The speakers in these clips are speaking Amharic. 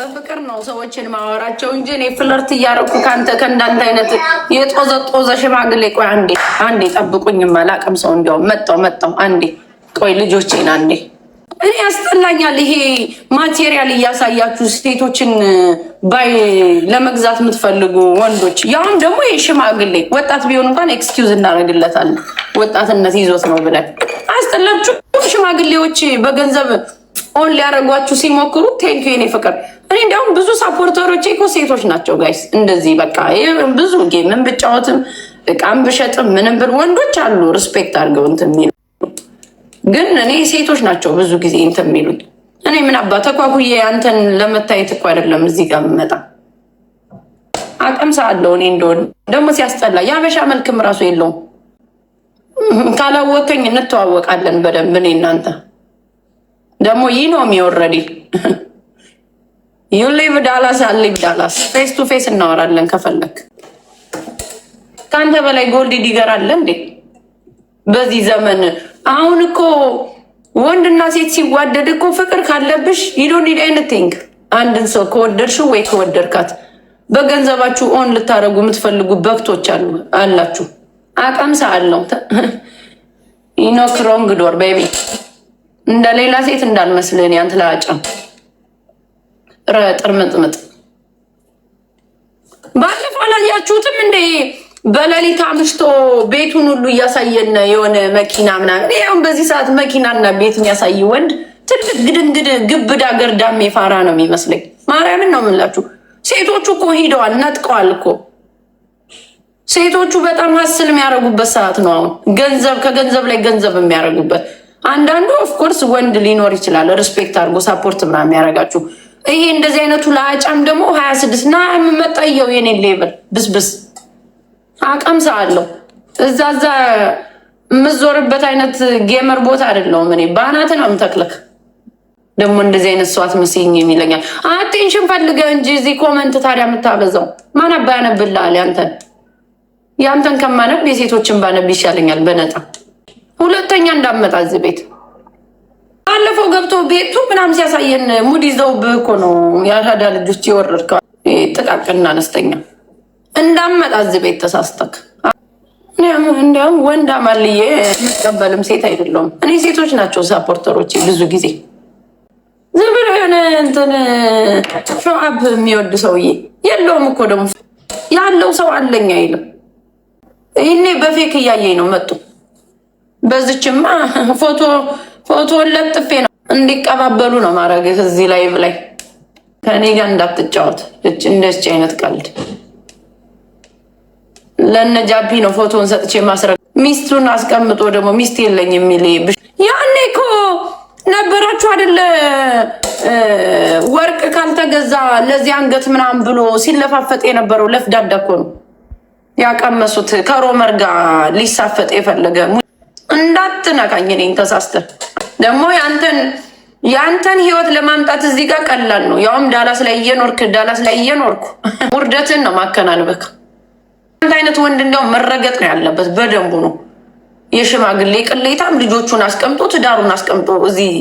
በፍቅር ነው ሰዎችን ማወራቸው እንጂ እኔ ፍለርት እያረኩ ከአንተ ከእንዳንተ አይነት የጦዘ ጦዘ ሽማግሌ። ቆይ አንዴ አንዴ ጠብቁኝ፣ መላቅም ሰው እንዲያውም መጣው መጣው። አንዴ ቆይ ልጆቼን አንዴ። እኔ ያስጠላኛል ይሄ ማቴሪያል እያሳያችሁ ስቴቶችን ባይ ለመግዛት የምትፈልጉ ወንዶች። ያሁን ደግሞ የሽማግሌ ሽማግሌ ወጣት ቢሆን እንኳን ኤክስኪውዝ እናደርግለታለን። ወጣትነት ይዞት ነው ብለን አስጠላችሁ ሽማግሌዎች በገንዘብ ኦን ሊያደርጓችሁ ሲሞክሩ ቴንኪ የኔ ፍቅር እኔ እንዲያውም ብዙ ሳፖርተሮች እኮ ሴቶች ናቸው ጋይስ። እንደዚህ በቃ ብዙ ጌምን ብጫወትም እቃም ብሸጥም ምንም ወንዶች አሉ ሪስፔክት አድርገው እንትን ግን እኔ ሴቶች ናቸው ብዙ ጊዜ እንትን የሚሉት። እኔ ምን አባ ተኳኩዬ አንተን ለመታየት እኮ አይደለም እዚህ ጋር የምመጣ አቅም ሳለው እኔ እንደሆን ደግሞ ሲያስጠላ የአበሻ መልክም ራሱ የለውም። ካላወቀኝ እንተዋወቃለን በደንብ እኔ እናንተ ደግሞ ይህ ነው የሚወረድ ዩ ሊቭ ዳላስ አሊቭ ዳላስ ፌስ ቱ ፌስ እናወራለን ከፈለክ። ከአንተ በላይ ጎልድ ዲገር አለ እንዴ? በዚህ ዘመን አሁን እኮ ወንድና ሴት ሲዋደድ እኮ ፍቅር ካለብሽ ዩዶኒድ ኤኒቲንግ አንድን ሰው ከወደድሽው ወይ ከወደድካት በገንዘባችሁ ኦን ልታደረጉ የምትፈልጉ በክቶች አላችሁ። አቀምሳ አለው ኢኖክ ሮንግ ዶር ቤቢ እንደ ሌላ ሴት እንዳልመስልን ያንትላጫ ጥርምጥምጥ ባለፈው አላያችሁትም እንዴ በሌሊት አምሽቶ ቤቱን ሁሉ እያሳየን የሆነ መኪና ምናምን። ይኸውም በዚህ ሰዓት መኪናና ቤት የሚያሳይ ወንድ ትልቅ ግድንግድ ግብድ አገር ዳሜ ፋራ ነው የሚመስለኝ። ማርያምን ነው የምላችሁ። ሴቶቹ እኮ ሂደዋል፣ ነጥቀዋል እኮ ሴቶቹ በጣም ሀስል የሚያደርጉበት ሰዓት ነው አሁን። ገንዘብ ከገንዘብ ላይ ገንዘብ የሚያደርጉበት አንዳንዱ ኦፍኮርስ ወንድ ሊኖር ይችላል፣ ሪስፔክት አድርጎ ሳፖርት ምናምን የሚያደርጋችሁ ይሄ እንደዚህ አይነቱ ለአጫም ደግሞ ሀያ ስድስት ና የምመጣየው የኔ ሌብል ብስብስ አቀምሳ አለው እዛ እዛ የምዞርበት አይነት ጌመር ቦታ አይደለሁም እኔ በአናት ነው የምተክለክ ደግሞ እንደዚህ አይነት ሰዋት መስኝ የሚለኛል አቴንሽን ፈልገ እንጂ እዚህ ኮመንት ታዲያ የምታበዛው ማን አባ ያንተን ያንተን ከማነብ የሴቶችን ባነብ ይሻለኛል በነጣ ሁለተኛ እንዳመጣ እዚህ ቤት ገብቶ ቤቱ ምናምን ሲያሳየን ሙድ ይዘውብህ እኮ ነው የአራዳ ልጆች የወረድከው። ጥቃቅንና አነስተኛ እንዳመጣ እዚህ ቤት ተሳስተክ። እንዲያውም ወንድ አማልዬ የምትቀበልም ሴት አይደለውም። እኔ። ሴቶች ናቸው ሳፖርተሮች ብዙ ጊዜ ዝም ብሎ የሆነ እንትን ሾአብ የሚወድ ሰውዬ የለውም እኮ ደግሞ ያለው ሰው አለኝ አይልም። ይህኔ በፌክ እያየኝ ነው መጡ። በዚችማ ፎቶ ፎቶን ለጥፌ እንዲቀባበሉ ነው ማድረግ። እዚህ ላይ ላይ ከእኔ ጋር እንዳትጫወት እንደዚህ አይነት ቀልድ። ለነ ጃፒ ነው ፎቶን ሰጥቼ ማስረግ ሚስቱን አስቀምጦ ደግሞ ሚስት የለኝ የሚል ያኔ ኮ ነበራችሁ አይደለ? ወርቅ ካልተገዛ ለዚህ አንገት ምናምን ብሎ ሲለፋፈጥ የነበረው ለፍዳዳ እኮ ነው ያቀመሱት። ከሮመር ጋር ሊሳፈጥ የፈለገ እንዳትነካኝ እኔን ተሳስተን ደግሞ ያንተን ያንተን ህይወት ለማምጣት እዚህ ጋር ቀላል ነው። ያውም ዳላስ ላይ እየኖርክ ዳላስ ላይ እየኖርኩ ውርደትን ነው ማከናንበክ። አንተ አይነት ወንድ እንዲያውም መረገጥ ነው ያለበት በደንቡ ነው። የሽማግሌ ቅሌታም ልጆቹን አስቀምጦ ትዳሩን አስቀምጦ እዚህ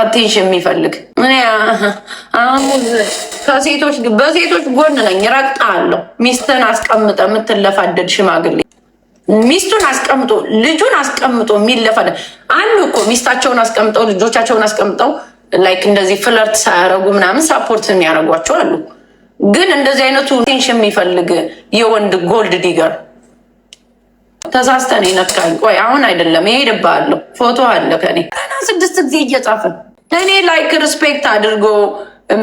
አቴንሽ የሚፈልግ ምን ከሴቶች በሴቶች ጎን ነኝ ረግጣ አለው ሚስትን አስቀምጠ የምትለፋደድ ሽማግሌ ሚስቱን አስቀምጦ ልጁን አስቀምጦ የሚለፈለ አንዱ እኮ ሚስታቸውን አስቀምጠው ልጆቻቸውን አስቀምጠው ላይክ እንደዚህ ፍለርት ሳያረጉ ምናምን ሳፖርት የሚያደርጓቸው አሉ። ግን እንደዚህ አይነቱ ቴንሽን የሚፈልግ የወንድ ጎልድ ዲገር ተሳስተን ይነካል። ቆይ አሁን አይደለም ይሄድብሃለሁ። ፎቶ አለ ከኔ ገና ስድስት ጊዜ እየጻፈ እኔ ላይክ ሪስፔክት አድርጎ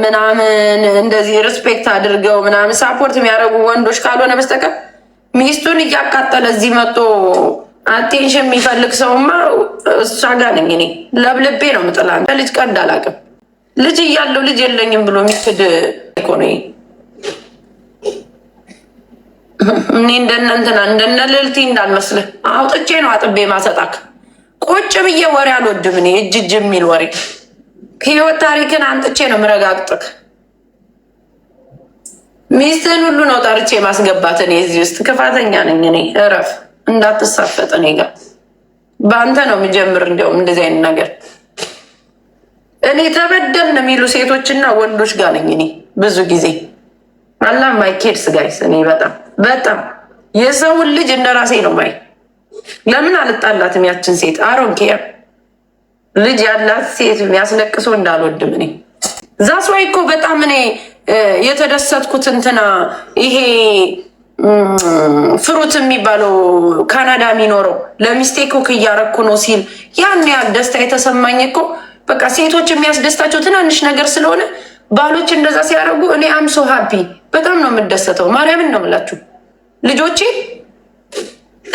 ምናምን እንደዚህ ሪስፔክት አድርገው ምናምን ሳፖርት የሚያደርጉ ወንዶች ካልሆነ በስተቀር ሚስቱን እያቃጠለ እዚህ መጥቶ አቴንሽን የሚፈልግ ሰውማ እሷ ጋር ነኝ እኔ። ለብልቤ ነው ምጥላ ልጅ ቀንድ አላውቅም። ልጅ እያለው ልጅ የለኝም ብሎ የሚክድ እኮ ነው። እኔ እንደነ እንትና እንደነ ልልቲ አውጥቼ ነው አጥቤ ማሰጣክ። ቁጭ ብዬ ወሬ አልወድም እኔ እጅ እጅ የሚል ወሬ። ህይወት ታሪክን አንጥቼ ነው ምረጋግጥክ ሚስትህን ሁሉ ነው ጠርቼ ማስገባት። እኔ እዚህ ውስጥ ክፋተኛ ነኝ እኔ። እረፍ፣ እንዳትሳፈጥ እኔ ጋር በአንተ ነው የምጀምር። እንዲያውም እንደዚህ አይነት ነገር እኔ ተበደልን የሚሉ ሴቶችና ወንዶች ጋር ነኝ እኔ ብዙ ጊዜ አላ ማይ ጋይስ። እኔ በጣም በጣም የሰውን ልጅ እንደ ራሴ ነው ማይ። ለምን አልጣላትም ያችን ሴት አሮንኬያ ልጅ ያላት ሴት የሚያስለቅሶ እንዳልወድም እኔ ዛስዋይ እኮ በጣም እኔ የተደሰትኩት እንትና ይሄ ፍሩት የሚባለው ካናዳ የሚኖረው ለሚስቴ ኩክ እያረኩ ነው ሲል ያን ያህል ደስታ የተሰማኝ እኮ በቃ ሴቶች የሚያስደስታቸው ትናንሽ ነገር ስለሆነ ባሎች እንደዛ ሲያደርጉ እኔ አምሶ ሀፒ በጣም ነው የምደሰተው። ማርያምን ነው የምላችሁ ልጆቼ።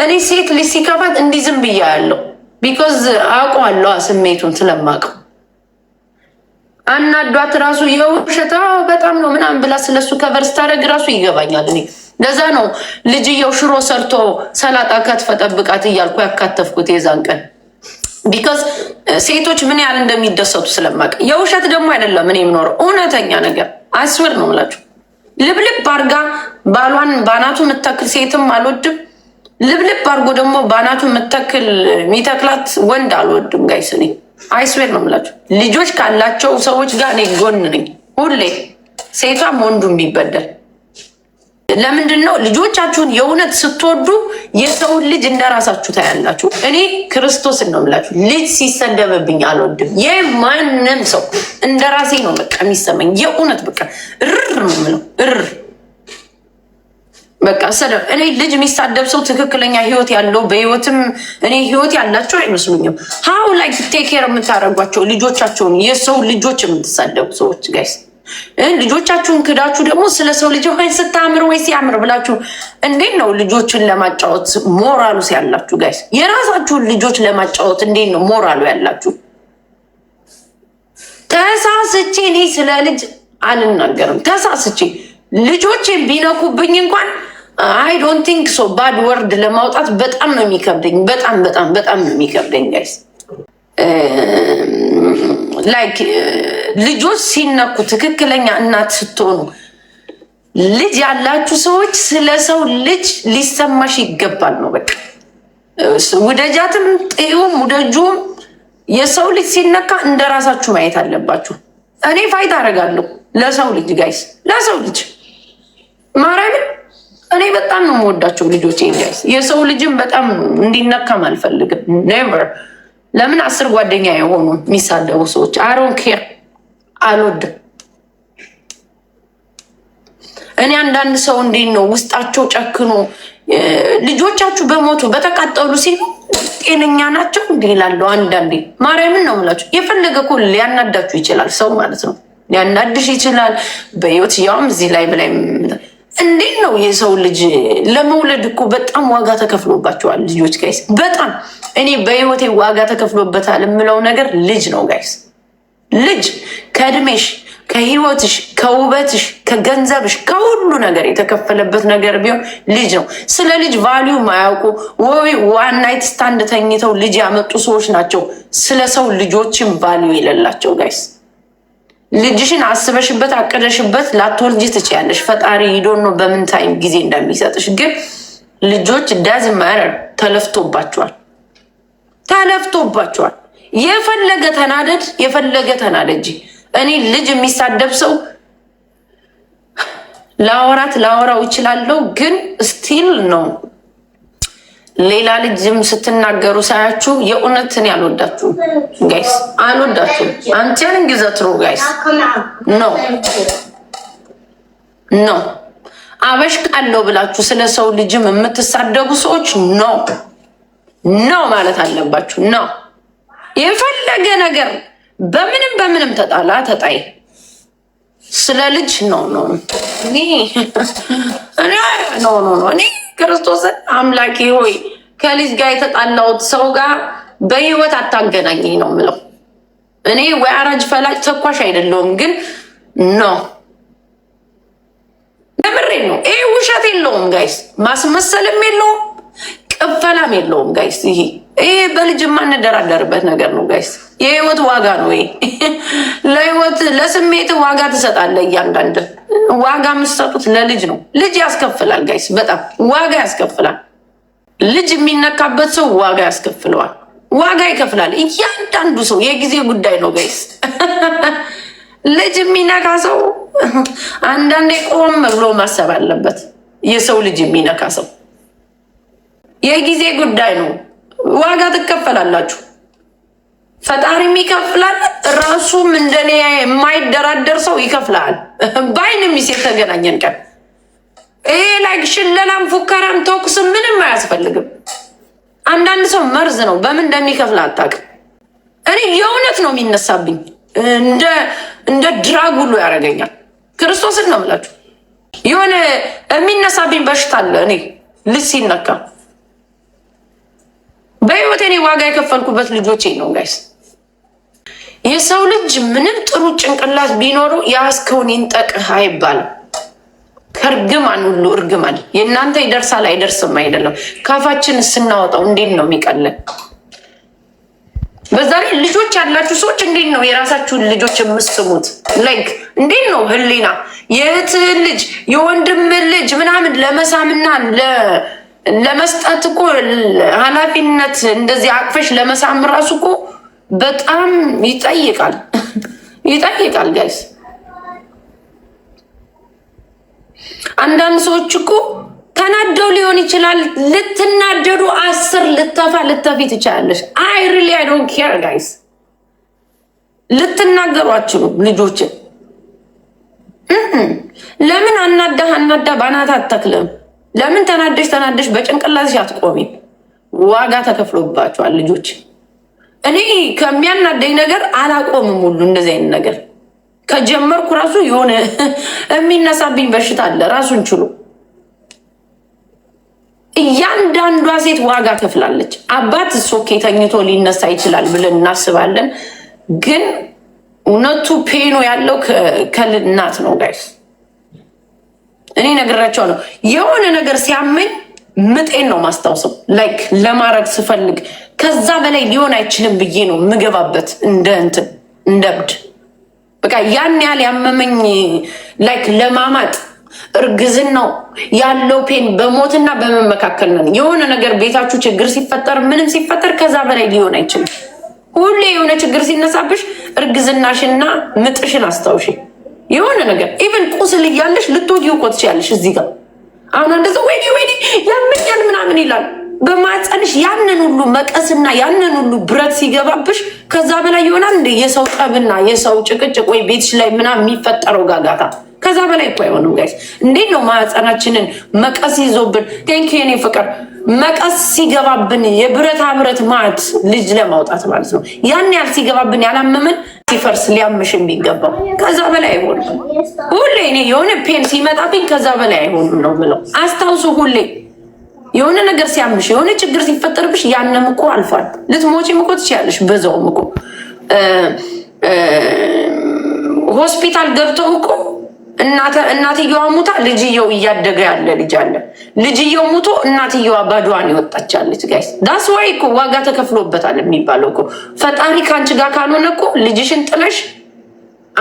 እኔ ሴት ልጅ ሲከፋት እንዲህ ዝም ብያ ያለው ቢኮዝ አውቀዋለሁ ስሜቱን ስለማውቀው አናዷት ራሱ የውሸት በጣም ነው ምናምን ብላ ስለሱ ከቨር ስታደርግ ራሱ ይገባኛል። እኔ ለዛ ነው ልጅየው ሽሮ ሰርቶ ሰላጣ ከትፈ ጠብቃት እያልኩ ያካተፍኩት የዛን ቀን ቢካዝ ሴቶች ምን ያህል እንደሚደሰቱ ስለማውቅ፣ የውሸት ደግሞ አይደለም እኔ የምኖረው እውነተኛ ነገር አስበር ነው ምላችሁ። ልብልብ አርጋ ባሏን ባናቱ ምተክል ሴትም አልወድም። ልብልብ አርጎ ደግሞ ባናቱ የምታክል የሚተክላት ወንድ አልወድም ጋይስ እኔ አይስቤር ነው ምላቸው። ልጆች ካላቸው ሰዎች ጋር እኔ ጎን ነኝ ሁሌ፣ ሴቷም ወንዱ የሚበደል ለምንድን ነው? ልጆቻችሁን የእውነት ስትወዱ የሰውን ልጅ እንደራሳችሁ ታያላችሁ። እኔ ክርስቶስን ነው ምላችሁ፣ ልጅ ሲሰደበብኝ አልወድም። ማንም ሰው እንደራሴ ነው በቃ የሚሰማኝ የእውነት በቃ እርር ነው ምለው እርር በቃ ሰደብ እኔ ልጅ የሚሳደብ ሰው ትክክለኛ ህይወት ያለው በህይወትም እኔ ህይወት ያላቸው አይመስሉኝም። ሀው ላይ ቴክ ኬር የምታደርጓቸው ልጆቻቸውን የሰው ልጆች የምትሳደቡ ሰዎች ጋይስ ልጆቻችሁን ክዳችሁ ደግሞ ስለ ሰው ልጅ ወይ ስታምር ወይ ሲያምር ብላችሁ እንዴት ነው ልጆችን ለማጫወት ሞራሉ ሲያላችሁ ጋይስ የራሳችሁን ልጆች ለማጫወት እንዴት ነው ሞራሉ ያላችሁ? ተሳስቼ እኔ ስለ ልጅ አልናገርም። ተሳስቼ ልጆቼ ቢነኩብኝ እንኳን አይ ዶንት ቲንክ ሶ ባድ ወርድ ለማውጣት በጣም ነው የሚከብደኝ። በጣም በጣም በጣም ነው የሚከብደኝ ጋይስ። ላይክ ልጆች ሲነኩ ትክክለኛ እናት ስትሆኑ ልጅ ያላችሁ ሰዎች ስለ ሰው ልጅ ሊሰማሽ ይገባል ነው በቃ። ውደጃትም፣ ጥዩም፣ ውደጁም የሰው ልጅ ሲነካ እንደ ራሳችሁ ማየት አለባችሁ። እኔ ፋይት አደርጋለሁ ለሰው ልጅ ጋይስ፣ ለሰው ልጅ ማርያምን እኔ በጣም ነው የምወዳቸው ልጆች። ጋይስ የሰው ልጅም በጣም እንዲነካም አልፈልግም። ኔቨር ለምን አስር ጓደኛ የሆኑ የሚሳደቡ ሰዎች አሮን ኬር አልወድም። እኔ አንዳንድ ሰው እንዴት ነው ውስጣቸው ጨክኖ ልጆቻችሁ በሞቱ በተቃጠሉ ሲሉ ጤነኛ ናቸው እንዲህ እላለሁ። አንዳንዴ ማርያምን ነው የምላቸው። የፈለገ እኮ ሊያናዳችሁ ይችላል፣ ሰው ማለት ነው ሊያናድሽ ይችላል በህይወት ያውም እዚህ ላይ ብላይ እንዴት ነው የሰው ልጅ ለመውለድ እኮ በጣም ዋጋ ተከፍሎባቸዋል ልጆች ጋይስ። በጣም እኔ በህይወቴ ዋጋ ተከፍሎበታል የምለው ነገር ልጅ ነው ጋይስ። ልጅ ከእድሜሽ፣ ከህይወትሽ፣ ከውበትሽ፣ ከገንዘብሽ፣ ከሁሉ ነገር የተከፈለበት ነገር ቢሆን ልጅ ነው። ስለ ልጅ ቫሊዩ ማያውቁ ወይ ዋናይት ስታንድ ተኝተው ልጅ ያመጡ ሰዎች ናቸው ስለ ሰው ልጆችን ቫሊዩ የሌላቸው ጋይስ። ልጅሽን አስበሽበት አቅደሽበት ላትወልጂ ትችያለሽ። ፈጣሪ ሂዶኖ በምን ታይም ጊዜ እንደሚሰጥሽ ግን ልጆች ዳዝ ማረር ተለፍቶባቸዋል፣ ተለፍቶባቸዋል። የፈለገ ተናደድ፣ የፈለገ ተናደጅ። እኔ ልጅ የሚሳደብ ሰው ላወራት ላወራው ይችላለው፣ ግን ስቲል ነው ሌላ ልጅም ስትናገሩ ሳያችሁ የእውነትን ያልወዳችሁ ጋይስ፣ አልወዳችሁም። አንቴን እንግዘትሩ ጋይስ ኖ ኖ አበሽቃለሁ ብላችሁ ስለ ሰው ልጅም የምትሳደቡ ሰዎች ኖ ኖ ማለት አለባችሁ። ኖ የፈለገ ነገር በምንም በምንም ተጣላ ተጣይ ስለ ልጅ ኖ ኖ ኖ ኖ ክርስቶስን አምላኪ ሆይ ከልጅ ጋር የተጣላሁት ሰው ጋር በህይወት አታገናኘኝ ነው ምለው። እኔ ወይ አራጅ ፈላጭ ተኳሽ አይደለውም ግን ኖ ለምሬ ነው። ይሄ ውሸት የለውም ጋይስ፣ ማስመሰልም የለውም ቅበላም የለውም ጋይስ። ይሄ ይሄ በልጅ የማንደራደርበት ነገር ነው ጋይስ። የህይወት ዋጋ ነው ይሄ። ለህይወት ለስሜት ዋጋ ትሰጣለ። እያንዳንድ ዋጋ የምትሰጡት ለልጅ ነው። ልጅ ያስከፍላል ጋይስ፣ በጣም ዋጋ ያስከፍላል። ልጅ የሚነካበት ሰው ዋጋ ያስከፍለዋል። ዋጋ ይከፍላል እያንዳንዱ ሰው። የጊዜ ጉዳይ ነው ጋይስ። ልጅ የሚነካ ሰው አንዳንዴ ቆም ብሎ ማሰብ አለበት። የሰው ልጅ የሚነካ ሰው የጊዜ ጉዳይ ነው። ዋጋ ትከፈላላችሁ። ፈጣሪም ይከፍላል። ራሱም እንደኔ የማይደራደር ሰው ይከፍላል። በአይን ሚስ የተገናኘን ቀን ይሄ ላይክ ሽለላም፣ ፉከራም፣ ተኩስ ምንም አያስፈልግም። አንዳንድ ሰው መርዝ ነው፣ በምን እንደሚከፍል አታውቅም። እኔ የእውነት ነው የሚነሳብኝ፣ እንደ ድራግ ሁሉ ያደርገኛል። ክርስቶስን ነው የምላችሁ። የሆነ የሚነሳብኝ በሽታ አለ እኔ ልስ ይነካ በህይወት እኔ ዋጋ የከፈልኩበት ልጆቼ ነው ጋይስ። የሰው ልጅ ምንም ጥሩ ጭንቅላት ቢኖረው ያስከውን ይንጠቅህ አይባልም። ከእርግማን ሁሉ እርግማን የእናንተ ይደርሳል አይደርስም አይደለም። ካፋችን ስናወጣው እንዴት ነው የሚቀለን? በዛ ላይ ልጆች ያላችሁ ሰዎች እንዴት ነው የራሳችሁን ልጆች የምስሙት? ላይክ እንዴት ነው ህሊና የእህትህን ልጅ የወንድም ልጅ ምናምን ለመሳምና ለመስጠት እኮ ኃላፊነት እንደዚህ አቅፈሽ ለመሳም ራሱ እኮ በጣም ይጠይቃል ይጠይቃል። ጋይስ አንዳንድ ሰዎች እኮ ተናደው ሊሆን ይችላል። ልትናደዱ አስር ልተፋ ልተፊ ትችላለች። አይ ሪሊ አይ ዶንት ኬር ጋይስ ልትናገሯችሁ ልጆችን ለምን አናዳ አናዳ ባናት አተክልም ለምን ተናደሽ ተናደሽ በጭንቅላትሽ አትቆሚም? ዋጋ ተከፍሎባቸዋል ልጆች። እኔ ከሚያናደኝ ነገር አላቆምም ሁሉ እንደዚህ አይነት ነገር ከጀመርኩ ራሱ የሆነ የሚነሳብኝ በሽታ አለ ራሱን ችሎ። እያንዳንዷ ሴት ዋጋ ከፍላለች። አባት ሶኬ ተኝቶ ሊነሳ ይችላል ብለን እናስባለን፣ ግን እውነቱ ፔኑ ያለው ከልናት ነው ጋይስ እኔ ነግራቸው ነው የሆነ ነገር ሲያመኝ ምጤን ነው ማስታውሰው። ላይክ ለማድረግ ስፈልግ ከዛ በላይ ሊሆን አይችልም ብዬ ነው ምገባበት እንደ እንትን እንደ እብድ በቃ ያን ያህል ያመመኝ ላይክ ለማማጥ እርግዝናው ያለው ፔን በሞትና በመመካከል ነው። የሆነ ነገር ቤታችሁ ችግር ሲፈጠር ምንም ሲፈጠር ከዛ በላይ ሊሆን አይችልም። ሁሌ የሆነ ችግር ሲነሳብሽ እርግዝናሽና ምጥሽን አስታውሺ። የሆነ ነገር ኢቨን ቁስል እያለሽ ልትወድ ይውቆት ትችያለሽ። እዚህ ጋር አሁን አንደዚ ወይኔ ወይኔ ያመኛል ምናምን ይላል። በማጸንሽ ያንን ሁሉ መቀስና ያንን ሁሉ ብረት ሲገባብሽ ከዛ በላይ ይሆናል እንደ የሰው ጠብና የሰው ጭቅጭቅ ወይ ቤትሽ ላይ ምናምን የሚፈጠረው ጋጋታ ከዛ በላይ እኮ አይሆንም ጋይስ። እንዴት ነው ማህፀናችንን መቀስ ይዞብን? ቴንኪ የኔ ፍቅር መቀስ ሲገባብን የብረታ ብረት ማት ልጅ ለማውጣት ማለት ነው። ያን ያህል ሲገባብን ያላመመን ሲፈርስ ሊያምሽ የሚገባው ከዛ በላይ አይሆንም። ሁሌ እኔ የሆነ ፔን ሲመጣብኝ ከዛ በላይ አይሆንም ነው ብለው አስታውሱ። ሁሌ የሆነ ነገር ሲያምሽ፣ የሆነ ችግር ሲፈጠርብሽ ያንም እኮ አልፏል። ልትሞቺም እኮ ትችያለሽ። በዛውም እኮ ሆስፒታል ገብተው እኮ እናትየዋ ሙታ ልጅየው እያደገ ያለ ልጅ አለ። ልጅየው ሙቶ እናትየዋ ባዶዋን ይወጣቻለች። ጋይስ ዳስ ዋይ እኮ ዋጋ ተከፍሎበታል የሚባለው እኮ ፈጣሪ ከአንቺ ጋር ካልሆነ እኮ ልጅሽን ጥለሽ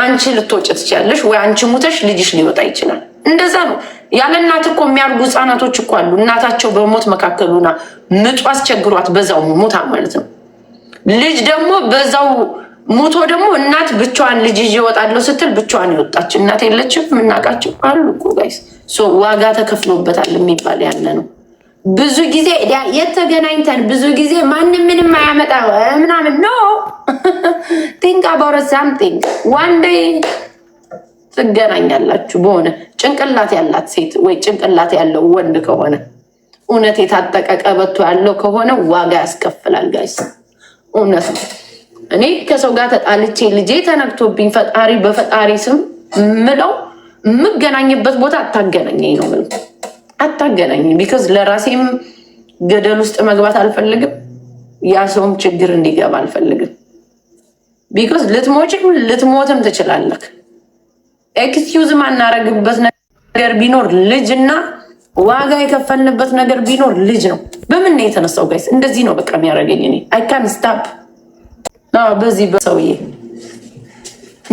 አንቺ ልትወጭ ትችላለሽ፣ ወይ አንቺ ሙተሽ ልጅሽ ሊወጣ ይችላል። እንደዛ ነው። ያለ እናት እኮ የሚያርጉ ህፃናቶች እኮ አሉ። እናታቸው በሞት መካከሉና ምጡ አስቸግሯት በዛው ሙታ ማለት ነው። ልጅ ደግሞ በዛው ሞቶ ደግሞ እናት ብቻዋን ልጅ ይዤ እወጣለሁ ስትል ብቻዋን የወጣች እናት የለችም። የምናውቃቸው አሉ እኮ ጋይስ። ዋጋ ተከፍሎበታል የሚባል ያለ ነው። ብዙ ጊዜ የተገናኝተን ብዙ ጊዜ ማንም ምንም አያመጣ ምናምን ኖ ቲንክ አባውት ሳምቲንግ ዋን ዴይ ትገናኛላችሁ በሆነ ጭንቅላት ያላት ሴት ወይ ጭንቅላት ያለው ወንድ ከሆነ እውነት የታጠቀ ቀበቶ ያለው ከሆነ ዋጋ ያስከፍላል ጋይስ እውነት ነው። እኔ ከሰው ጋር ተጣልቼ ልጄ ተነግቶብኝ ፈጣሪ በፈጣሪ ስም ምለው የምገናኝበት ቦታ አታገናኘኝ ነው ምል አታገናኝ። ቢካዝ ለራሴም ገደል ውስጥ መግባት አልፈልግም፣ ያ ሰውም ችግር እንዲገባ አልፈልግም። ቢካዝ ልትሞችም ልትሞትም ትችላለህ። ኤክስኪውዝ ማናረግበት ነገር ቢኖር ልጅና ዋጋ የከፈልንበት ነገር ቢኖር ልጅ ነው። በምን የተነሳው? ጋይስ እንደዚህ ነው በቃ የሚያደርገኝ እኔ አይካን ስታፕ በዚህ በሰውዬ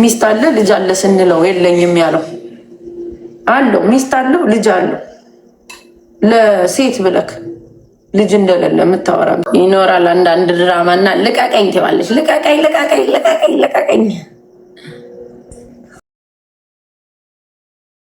ሚስት አለ ልጅ አለ ስንለው የለኝም ያለው አለው። ሚስት አለው ልጅ አለው። ለሴት ብለክ ልጅ እንደሌለ የምታወራ ይኖራል። አንዳንድ ድራማ እና ልቀቀኝ ትባለች። ልቀቀኝ፣ ልቀቀኝ፣ ልቀቀኝ፣ ልቀቀኝ